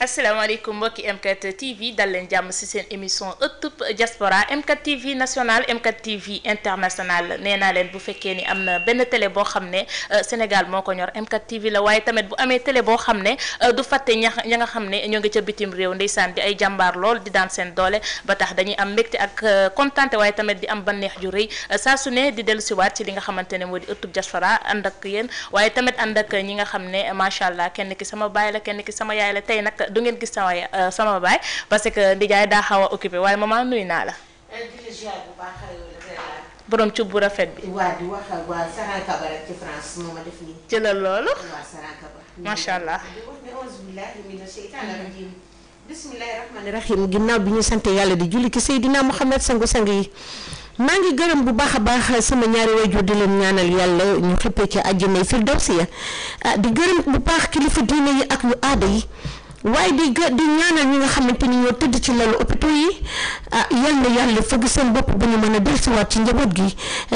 asalaamaaleykum mbokki M4 TV dal leen jàmm ci seen émission ëttub diaspora M4 TV national M4 TV international nee naa leen bu fekkee ni am na benn télé boo xam ne euh, Sénégal moo ko ñor M4 TV la waaye tamit bu amee télé boo xam ne euh, du fàtte ña ña nga xam ne ñoo ngi ca bitim réew ndeysaan di ay jàmbaar lool di daan seen doole ba tax dañuy am mbégte ak euh, kontaante waaye tamit di am banneex ju rëy saa su ne di dellu siwaat ci li nga xamante ne moo di ëttub diaspora ànd ak yéen waaye tamit ànd ak ñi nga xam ne macha allah kenn ki sama baay la kenn ki sama yaay la tey nag te du ngeen gis sama euh, sama baay parce que ndijaay daa xaw a occupé waaye maman nuyu naa la. Euh, borom cub bu rafet bi. waa ci France loolu. waa allah. bismillahi bi ñu sant yàlla di julli ci Seydina Muhammad sangu sang yi maa ngi gërëm bu baax a baax sama ñaari waajur di leen ñaanal yàlla ñu xippee ci àjjana firdawsi ya ah di gërëm bu baax kilifa diine yi ak yu aada yi waaye di gë di ñaanal ñi nga xamante ni ñoo tëdd ci lalu hôpitaux yi ah yal na yàlla fëgg seen bopp bu ñu mën a dellusiwaat ci njaboot gi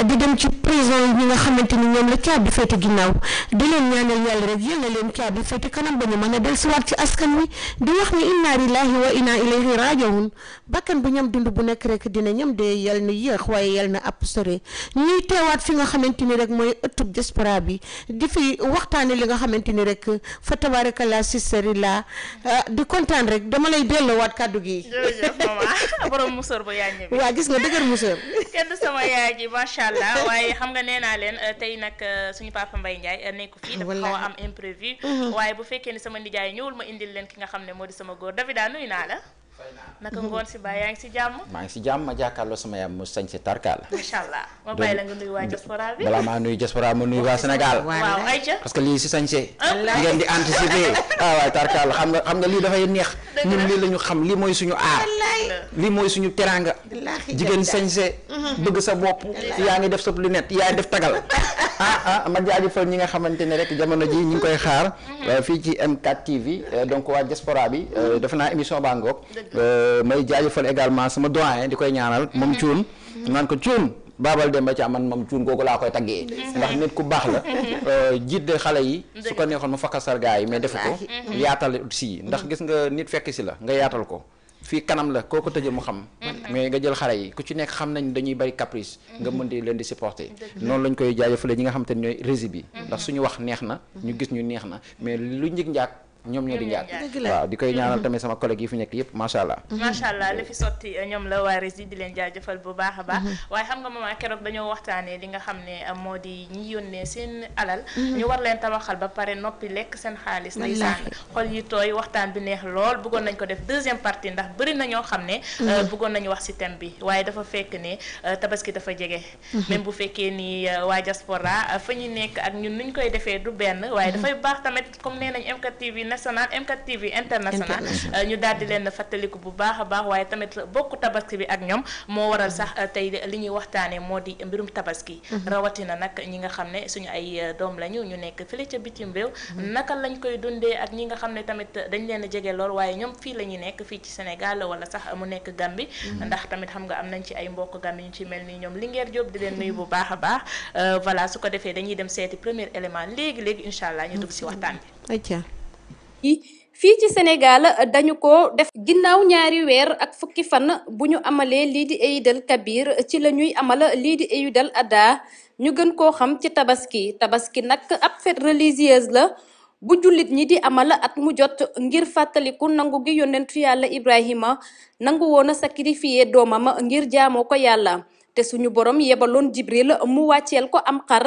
di dem ci prison yi nga xamante ni ñoom la caabi féete ginnaaw di leen ñaanal yàlla rek yal na leen caabi féete kanam ba ñu mën a dellusiwaat ci askan wi di wax ni inna lillahi wa inna ilayhi bakkan bu ñam dund bu nekk rek dina ñam de yal na yéex waaye yal na ab sore ñuy teewaat fi nga xamante ni rek mooy ëttub diaspora bi di fi waxtaane li nga xamante ni rek fa tabaarakallah si sari la Ah, di kontaan rek dama lay delloowaat kàddu gi. jërëjëf maman borom musóor ba yaa ñëwee. waa gis nga dëgër musóor. kenn sama yaay ji macha allah waaye xam nga nee naa leen euh, tey nag euh, suñu papa mbay Ndiaye euh, nekku fii. dafa xaw a am imprévu. Mhm. waaye bu fekkee ni sama nijaay ñëwul ma indil leen ki nga xam ne moo di sama góor Davida nuyu naa la. naka ngoon maa ngi si jàmm ma jàkkaarloo sama yaam mu sañ si tarkaal. macha allah ma bàyyi la balaa maa nuyu diaspora ma nuyu waa Sénégal. parce que lii si sañ see. ngeen ah. di anticiper. ah waay tarkaal xam nga xam nga lii dafay neex. ñun lii la xam lii mooy suñu aar. lii mooy suñu teranga jigéen sañ bëgg sa bopp yaa ngi def sa lunette yaay def tagal ah ah ma jaajëfal ñi nga xamante ne rek jamono ji ñu ngi koy xaar mhm. euh, fii ci M4 TV euh, donc waa diaspora bi euh, mhm. defe naa émission baa ngoog may jaajëfal également sama doyen di koy ñaanal moom cuun mhm. naan ko cuun baabal Demba Thiam man moom cuun googu laa koy taggee ndax nit ku baax la jiit de xale yi su ko neexoon mu fakka sargaa yi mais defu ko yaatal si ndax gis nga nit fekk si la nga yaatal ko fii kanam la koo ko tëjee mu xam. Mm-hmm. mais nga jël xale yi ku ci nekk xam nañ dañuy bari caprice. Mm-hmm. nga mën di leen di supporter. noonu lañ koy jaajëfalee ñi nga xam te ne rési bi. Mm-hmm. ndax suñu wax neex na. ñu gis ñu neex na mais lu njëg njaak ñoom ñoo di njaat waaw di koy ñaanal tamit sama collègue yi fi nekk yëpp macha allah mm-hmm. macha allah li fi sotti eh, ñoom la waa Régis di leen jaajëfal bu baax a baax mm-hmm. waaye xam nga maman keroog dañoo waxtaanee li nga xam ne eh, moo di ñi yónnee seen alal mm-hmm. ñu war leen tabaxal ba pare noppi lekk seen xaalis ndeysaan xol yi tooy waxtaan bi neex lool bëggoon nañ ko def deuxième partie ndax bari na ñoo xam ne eh, bëggoon nañu wax si thème bi waaye dafa fekk ne tabaski dafa jege même bu fekkee ni waa diaspora fa ñu nekk ak ñun nuñ koy defee du benn waaye national M4 TV international euh, ñu daal di leen fàttaliku bu baax a baax waaye tamit bokku tabaski bi ak ñoom moo waral sax euh, tey li ñuy waxtaanee moo di mbirum tabaski mhm. rawatina nag ñi nga xam ne suñu ay euh, doom lañu ñu nekk fële ca bitim réew mhm. naka lañ koy dundee ak ñi nga xam ne tamit dañ leen a jege lool waaye ñoom fii la ñu nekk fii ci Sénégal wala sax mu nekk bi mhm. ndax tamit xam nga am nañ ci ay mbokk Gambie ñu ci mel ni ñoom Linguère Diop di leen nuyu bu baax a baax su ko defee dañuy dem seeti premier élément léegi allah ñu dugg si waxtaan bi fii ci Sénégal dañu ko def ginnaaw ñaari weer ak fukki fan bu ñu amalee lii di Eidel Kabir ci la ñuy amal lii di Eidel Adha ñu gën koo xam ci tabaski tabaski nag ab fête religieuse la bu jullit ñi di amal at mu jot ngir fàttaliku nangu gi yonentu yàlla Ibrahima nangu woon a sacrifier doomam ngir jaamoo ko yàlla te suñu borom yebaloon Jibril mu wàcceel ko am xar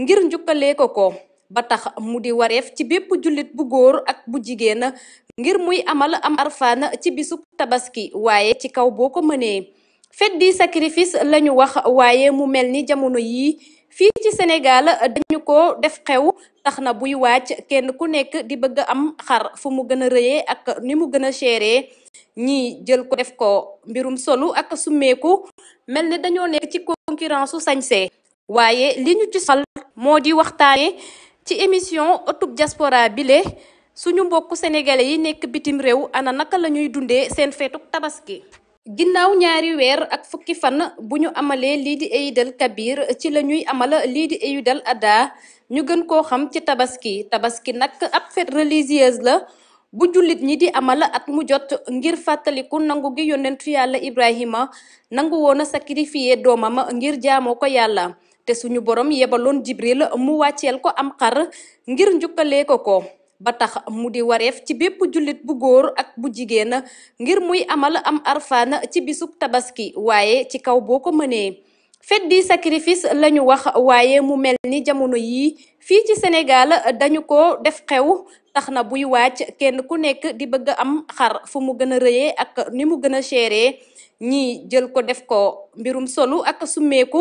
ngir njukkalee ko ko. ba tax mu di wareef ci bépp jullit bu góor ak bu jigéen ngir muy amal am arfaan ci bisu tabaski waaye ci kaw boo ko mënee fête di sacrifice lañu wax waaye mu mel ni jamono yii fii ci Sénégal dañu ko def xew tax na buy wàcc kenn ku nekk di bëgg am xar fu mu gën a rëyee ak ni mu gën a seeree ñii jël ko def ko mbirum solu ak summeeku mel ni dañoo nekk ci concurrence su sañsee waaye li ñu ci sol moo di waxtaane ci émission ëttub jaspora bile suñu mbokku sénégalais yi nekk bitim réew ana naka la ñuy dundee seen feetuk tabaski. ginnaaw ñaari weer ak fukki fan bu ñu amalee lii di Eidel Kabir ci la ñuy amal lii di Eidel Adha ñu gën koo xam ci tabaski tabaski nag ab fête religieuse la bu jullit ñi di amal at mu jot ngir fàttaliku nangu gi yonentu yàlla Ibrahima nangu woon a sacrifier doomam ngir jaamoo ko yàlla. suñu borom yebaloon Jibril mu wàcceel ko am xar ngir njukkalee ko ko ba tax mu di wareef ci bépp jullit bu góor ak bu jigéen ngir muy amal am arfaan ci bisub tabaski waaye ci kaw boo ko mënee fête di sacrifice lañu wax waaye mu mel ni jamono yii fii ci Sénégal dañu ko def xew tax na buy wàcc kenn ku nekk di bëgg am xar fu mu gën a rëyee ak ni mu gën a seeree ñii jël ko def ko mbirum solu ak summeeku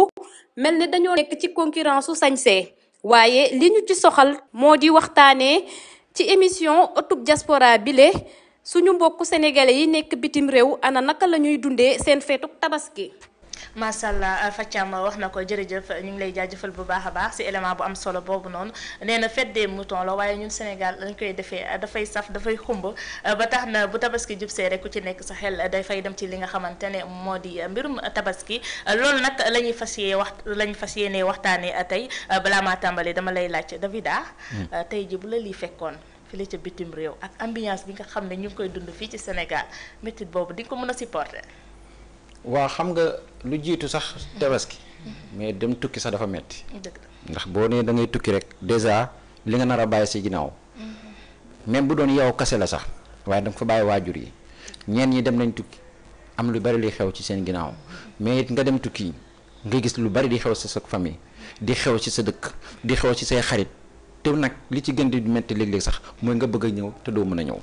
mel ni dañoo nekk ci concurrence su sañsee waaye li ñu ci soxal moo di waxtaanee ci émission ëttub diaspora bile suñu mbokk sénégalais yi nekk bitim réew ana naka la ñuy dundee seen feetuk tabaski. macha allah Alpha wax na ko jërëjëf ñu ngi lay jaajëfal bu baax a baax si élément bu am solo boobu noonu nee na fête des moutons la waaye ñun Sénégal dañ koy defee dafay saf dafay xumb ba tax na bu tabaski jub see rek ku ci nekk sa xel dafay dem ci li nga xamante ne moo di mbirum tabaski loolu nag la ñuy fas yee wax la fas yéenee waxtaanee tey balaa maa tàmbali dama lay laaj Davida. Mm. tey ji bu la lii fekkoon. fii ca bitim réew ak ambiance bi nga xam ne ñu ngi koy dund fii ci Sénégal métit boobu di nga ko mën a supporter. waa xam nga lu jiitu sax tabaski mais dem tukki sax dafa metti ndax boo nee da tukki rek déjà li nga nar a bàyyi si ginnaaw même bu doon yow kase la sax waaye da nga fa bàyyi waajur yi ñeen ñi dem nañ tukki am lu bari li xew ci seen ginnaaw mais it nga dem tukki nga gis lu bari di xew si sa famille di xew ci sa dëkk di xew ci say xarit te nag li ci gën di métti léeg-léeg sax mooy nga bëgg a ñëw te doo mën a ñëw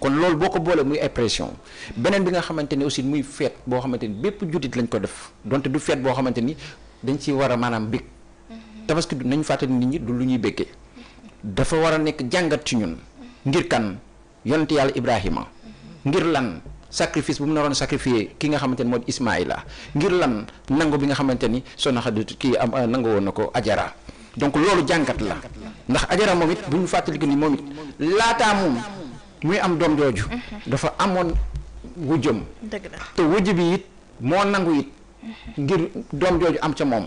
kon loolu boo ko boolee muy impression beneen bi nga xamante ni aussi muy feet boo xamante ni bépp jullit lañ ko def donte du feet boo xamante ni dañ ci war a maanaam bég mhm. tabaski du nañu fàttali nit ñi du lu ñuy béggee dafa war a nekk jàngat ci ñun ngir kan yonent yàlla Ibrahima mhm. ngir lan sacrifice bu mu naroon sacrifier ki nga xamante ni moo di Ismaïla ngir lan nangu bi nga xamante ni soo na xadu kii am nangu na ko ajara donc loolu jàngat la ndax ajara moom it bu ñu fàttaliku ni moom it laataa moom muy am doom jooju. dafa amoon wujjam. dëgg la te wujj bi it moo nangu it ngir doom jooju am ca moom.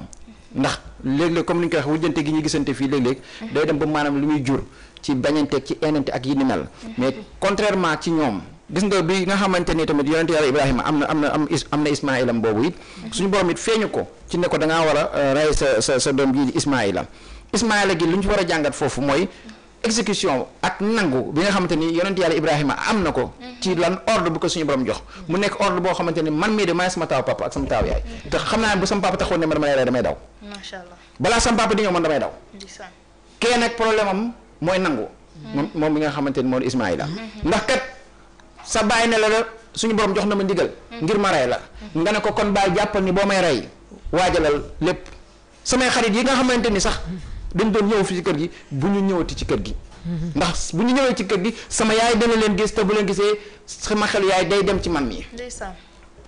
ndax léeg-léeg comme ni ñu koy wax wujjante gi ñu gisante fii léeg-léeg. day dem ba maanam lu muy jur ci bañanteeg ci enante ak yi mel. mais contrairement ci ñoom. gis nga bi nga xamante ni tamit yonente yàlla Ibrahima am na am na am na boobu it suñu borom it feeñu ko ci ne ko da ngaa war a euh, rey sa sa sa doom ji Ismaïla Ismaïla gi lu ñu war a jàngat foofu mooy exécution ak nangu bi nga xamante ni yonente yàlla Ibrahima am na ko mhm. ci lan ordre bu ko suñu borom jox mu nekk ordre boo xamante ni man mii de maay sama taaw papa ak sama taaw yaay mhm. te xam naa ne bu sama papa taxoon ne ma dama lay rey damay daw macha allah balaa sama papa mhm. moom mi nga xamante ni moo di Ismaïla ndax kat sa bàyyi ne la suñu borom jox na ma ndigal. Mm. ngir ma rey la. Mm. nga ne ko kon bàyyi jàppal ni boo may rey waajalal lépp samay xarit yi nga xamante ni sax dañ doon ñëw fi ci kër gi bu ñu ñëwati ci kër gi. Mm-hmm. ndax bu ñu ñëwee ci kër gi sama yaay dana leen gis te bu leen gisee sama xel yaay day dem ci man mii.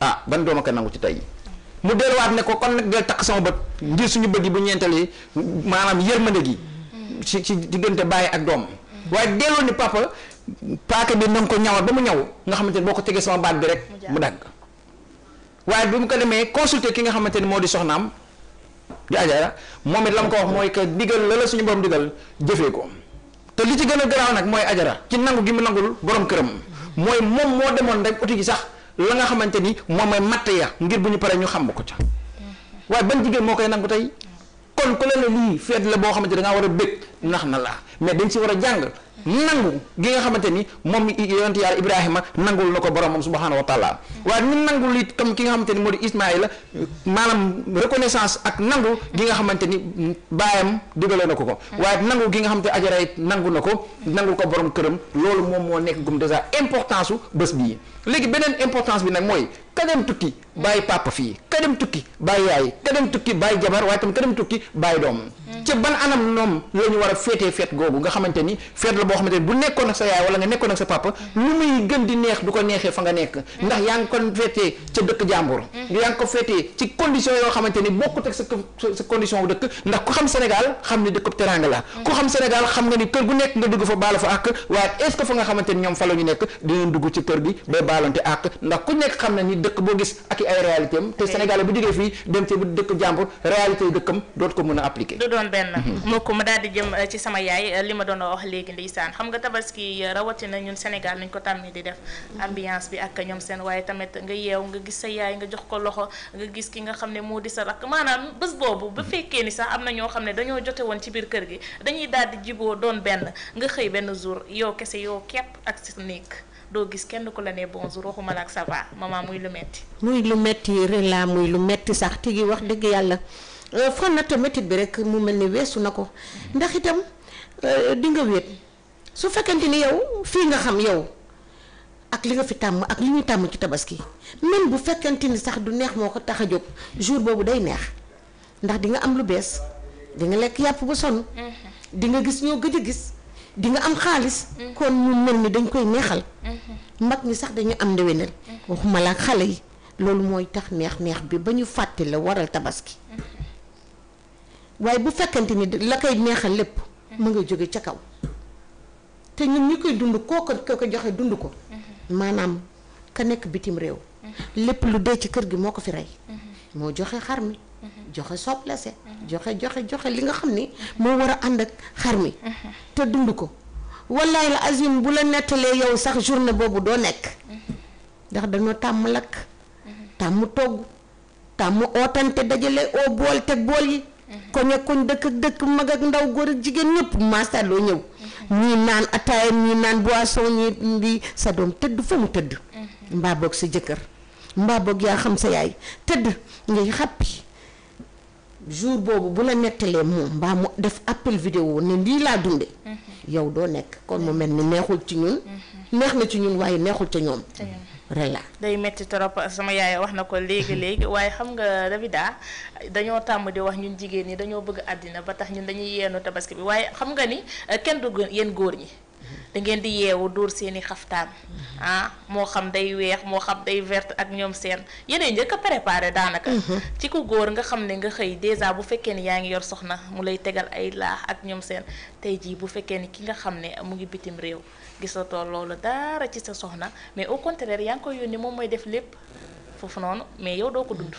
ah ban dooma ko nangu ci tey. mu delluwaat ne ko kon nag del takk sama bët ngir suñu bët yi bu ñeentalee maanaam yërmande gi. Mm. ci ci diggante bàyyi ak doom. waaye delloo ni papa paaka bi na nga ko ñawal ba mu ñaw nga xamante ne boo ko tegee sama baat bi rek mu dagg waaye bi mu ko demee consulter ki nga xamante ne moo di soxnaam di ajaara moom it la mu ko wax mooy que digal la la suñu borom digal jëfee ko li ci gën a garaaw nag mooy ajara ci nangu gi mu nangul borom këram mooy moom moo demoon rek uti gi sax la nga xamante ni moom mooy matt ya ngir bu ñu paree ñu xam ko ca waaye ban jigéen moo koy nangu tey kon ku la ne lii feet la boo xamante da ngaa war a bëgg nax na la mais dañ si war a jàng nangu gi nga xamante ni moom yonent yàlla Ibrahima nangul na ko boromam subhaanahu wa taala waaye ni nangul it comme ki nga xamante ni moo di Ismaïla maanaam reconnaissance ak nangu gi nga xamante ni baayam digale na ko ko waaye nangu gi nga xamante Ajara it nangu na ko nangul ko borom këram loolu moom moo nekk gum déjà importance su bés bii léegi beneen importance bi nag mooy ka dem tukki bàyyi papa fii ka dem tukki bàyyi yaay ka dem tukki bàyyi jabar waaye tam ka dem tukki bàyyi doom mm. ci ban anam noom la war a féetee feet googu nga xamante ni feet la boo mm. mm. xamante ni bokkut ak sa sa condition dëkk ndax ku xam Sénégal xam ni dëkkub teranga la ku xam Sénégal xam nga ni kër gu nekk nga dugg fa baala fa àq waaye est fa nga xamante ni ñoom fa la nekk dinañ dugg ci kër gi bay baalante àq ndax ku nekk xam na ni dëkk boo gis ak i ay réalité te Sénégalais bu jógee fii dem ci dëkk jàmbur réalité yu dëkkam dootu ko mën a appliquer du doon benn moo mhm. ko ma daal di jëm ci sama yaay li ma doon a wax léegi ndeysaan xam nga tabaski rawatina ñun Sénégal nañ ko tàmmee di def ambiance bi ak ñoom seen waaye tamit nga yeew nga gis sa yaay nga jox ko loxo nga gis ki nga xam ne moo di sa rakk maanaam bés boobu ba fekkee ni sax am na ñoo xam ne dañoo jote woon ci biir kër gi dañuy daal di jiboo doon benn nga xëy benn jour yow kese yow kepp ak sa néeg doo gis kenn ku la ne bonjour waxuma la ak ça va maman muy lu metti muy lu metti rela muy lu metti sax gi wax dëgg yàlla euh, fan na bi rek mu mel ni weesu na ko ndax itam euh, di nga wéet su fekkente ni yow fii nga xam yow ak li nga fi tàmm ak li ñuy tàmm ci tabaski même bu fekkente ni sax du neex moo ko tax a jóg jour boobu day neex ndax di nga am lu bees di nga lekk yàpp bu sonn mm-hmm. di nga gis ñoo gëj a gis di nga am xaalis. Mm. kon mu mel ni dañ koy neexal. Mm-hmm. mag ñi sax dañu am ndewenal. Mm-hmm. waxuma la xale yi loolu mooy tax neex-neex bi ba ñu fàtte la waral tabaski. Mm-hmm. waaye bu fekkante ni la koy neexal lépp. mu nga jóge ca kaw. te ñun ñu koy dund koo ko ko joxe dund ko. maanaam ka nekk bitim réew. lépp lu dee ci kër gi moo ko fi rey. moo joxe xar mi. Mm-hmm. joxe soblese mm-hmm. joxe joxe joxe li nga xam ni mm-hmm. moo war a ànd ak xar mi te dund ko wallaay la azim bu la nettalee yow sax journée boobu doo nekk ndax dañoo tàmm lakk tàmm togg tàmm ootante dajale oo bool teg bool yi koñ ak koñ dëkk ak dëkk mag ak ndaw góor ak jigéen ñëpp master loo ñëw ñii naan ataaya ñii naan boisson ñii di sa doom tëdd fa mu tëdd mbaa boog sa jëkkër mbaa yaa xam sa yaay tëdd ngay xàppi jour boobu bu la nettalee moom mbaa mu def appel vidéo ne lii laa dunde mhm. yow doo nekk kon mu mel ni neexul ci ñun mhm. neex na ci ñun waaye neexul ca ñoom rela day métti trop sama yaay wax na ko léegi léegi waaye xam nga Davida dañoo tàmm di wax ñun jigéen ñi dañoo bëgg àddina ba tax ñun dañuy yeenu tabaski bi waaye xam nga ni eh, kenn du gën yéen góor ñi da ngeen di yeewu dóor seeni xaftaan ah moo xam day weex moo xam day verte ak ñoom seen yeneen njëkk a préparé daanaka mhm. ci ku góor nga xam ne nga xëy dèjà bu fekkee ni yaa ngi yor soxna mu lay tegal ay laax ak ñoom seen tey jii bu fekkee ni ki nga xam ne mu ngi bitim réew gisatoo loolu dara ci sa soxna mais au contraire yaa ngi koy ni moom mooy def lépp foofu noonu mais yow doo ko dund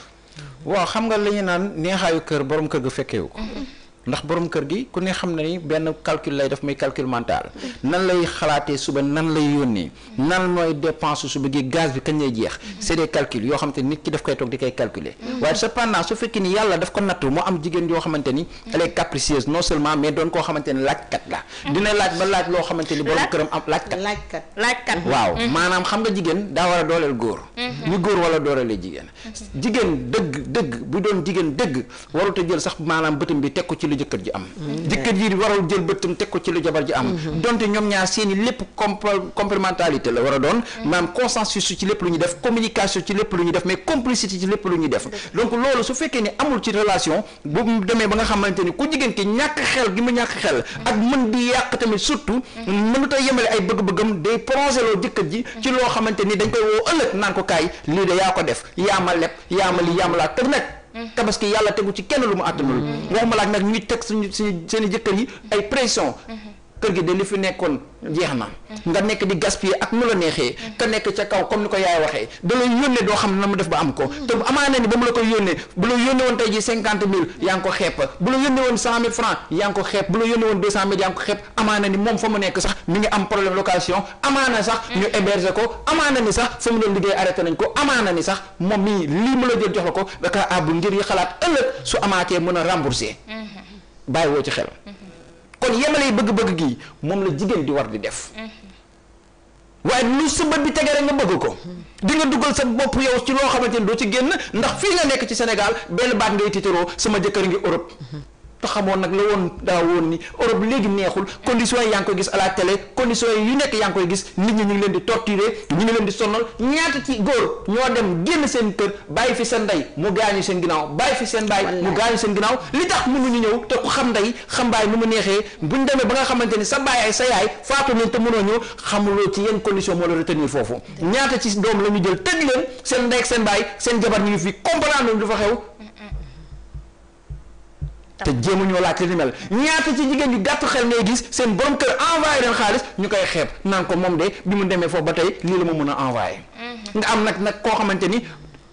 waaw xam nga li ñu naan neexaayu kër borom kër ga fekkeewu ko mhm. ndax borom kër gi ku ne xam na ni benn calcul lay def muy calcul mental nan lay xalaatee suba nan lay yónnee nan mooy dépense suba gi gaz bi kañ lay jeex c'est des calculs yoo xam nga jigéen daa war a dooleel góor ñu mm-hmm. góor wala dooleele jigéen jigéen dëgg dëgg bu doon jigéen dëgg waruta jël sax maanaam bëtam bi teg ko ci jëkkër ji am jëkkër ji waral jël bëttam teg ko ci lu jabar ji am donte ñoom ñaar seeni lépp complémentarité la war a doon maanaam consensus ci lépp lu ñuy def communication ci lépp lu ñuy def mais complicité ci lépp lu ñuy def donc loolu su fekkee ni amul ci relation bu demee ba nga xamante ni ku jigéen ki ñàkk xel gi mu ñàkk xel ak mën di yàq tamit surtout mënut a yemale ay bëgg-bëggam day prolongé jëkkër ji ci loo xamante ni dañ ko Mm-hmm. tabaski yàlla tegu ci kenn lu mu lu mm-hmm. waxuma laaj nag ñuy teg suñu suñu seen i jëkkër yi ay pression mm-hmm. kër gi de li fi nekkoon jeex na mm-hmm. nga nekk di gaspiller ak nu la neexee ka mm-hmm. nekk ca kaw comme ni ko yaay waxee da yónnee doo xam na mu def ba am ko mm-hmm. te amaana ni ba mu la ko yónnee bu la yónnee woon tey ji cinquante mille yaa ngi ko xeeb bu la yónnee woon deux cent mille yaa ngi ko xeeb amaana ni moom fa mu nekk sax mi ngi am problème location amaana sax ñu héberger ko amaana ni sax fa mu doon liggéey arrêté nañ ko amaana ni sax moom mii lii mu la a kon yemalay bëgg-bëgg gii moom la jigéen di war di def waaye lu sa bët bi tege rek nga bëgg ko di nga dugal sa bopp yow ci loo xamante ni doo ci génn ndax fii nga nekk ci Sénégal benn baat ngay tiitaroo sama jëkkër ngi Europe te xamoon nag la woon daa woon ni Europe léegi neexul conditions yi yaa ngi koy gis à la télé conditions yi yu nekk yaa ngi koy gis nit ñi ñu ngi leen di torturer ñu ngi leen di sonal ñaata ci góor ñoo dem génn seen kër bàyyi fi seen ndey mu gaañu seen ginnaaw bàyyi fi seen baay mu gaañu seen ginnaaw li tax mënuñu ñëw te ku xam ndey xam baay nu mu neexee buñ demee ba nga xamante ni sa baay ay sa yaay faatu nañ te mënoo ñëw xamuloo ci yenn condition moo la retenir la ñu jël tëj leen seen ndey ak seen seen jabar ñu ngi fi comprendre lu te jéemu ñoo laaj li mel ñaata ci jigéen yu gàttu xel ngay gis seen borom kër envoyé leen xaalis ñu koy xeeb naan ko moom de bi mu demee foofu ba tey lii la ma mën a envoyé. Mhm. nga am nag nag koo xamante ni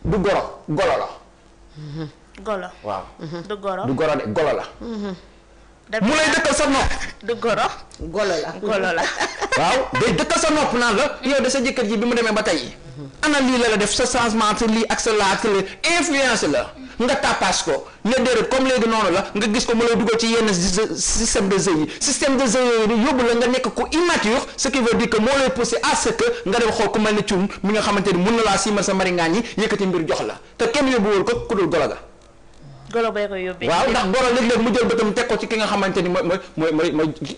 du goro golo la. golo waaw. Mhm. du goro du goro de golo la. Mhm. mu lay dëkkal sa nopp. du goro. golo la golo la. waaw day dëkkal sa nopp naan la. yow de sa jëkkër ji bi mu demee ba tey. ana lii la la def sa changement lii ak sa laaj la influence la nga tapage ko ne comme léegi noonu la nga gis ko mu lay dugal ci yenn système de jeu yi système de jeu yooyu yóbbu la nga nekk ku immature ce qui veut moo lay pousser à ce nga dem xool ku mel ne cuum mi nga xamante mun na laa siimal sa maringaan yi yëkkati mbir jox la te kenn yóbbu woon ko ku golo bay koy waaw ndax golo léeg-léeg mu jël tam teg ko ci ki nga xamante ni mooy mooy mooy mooy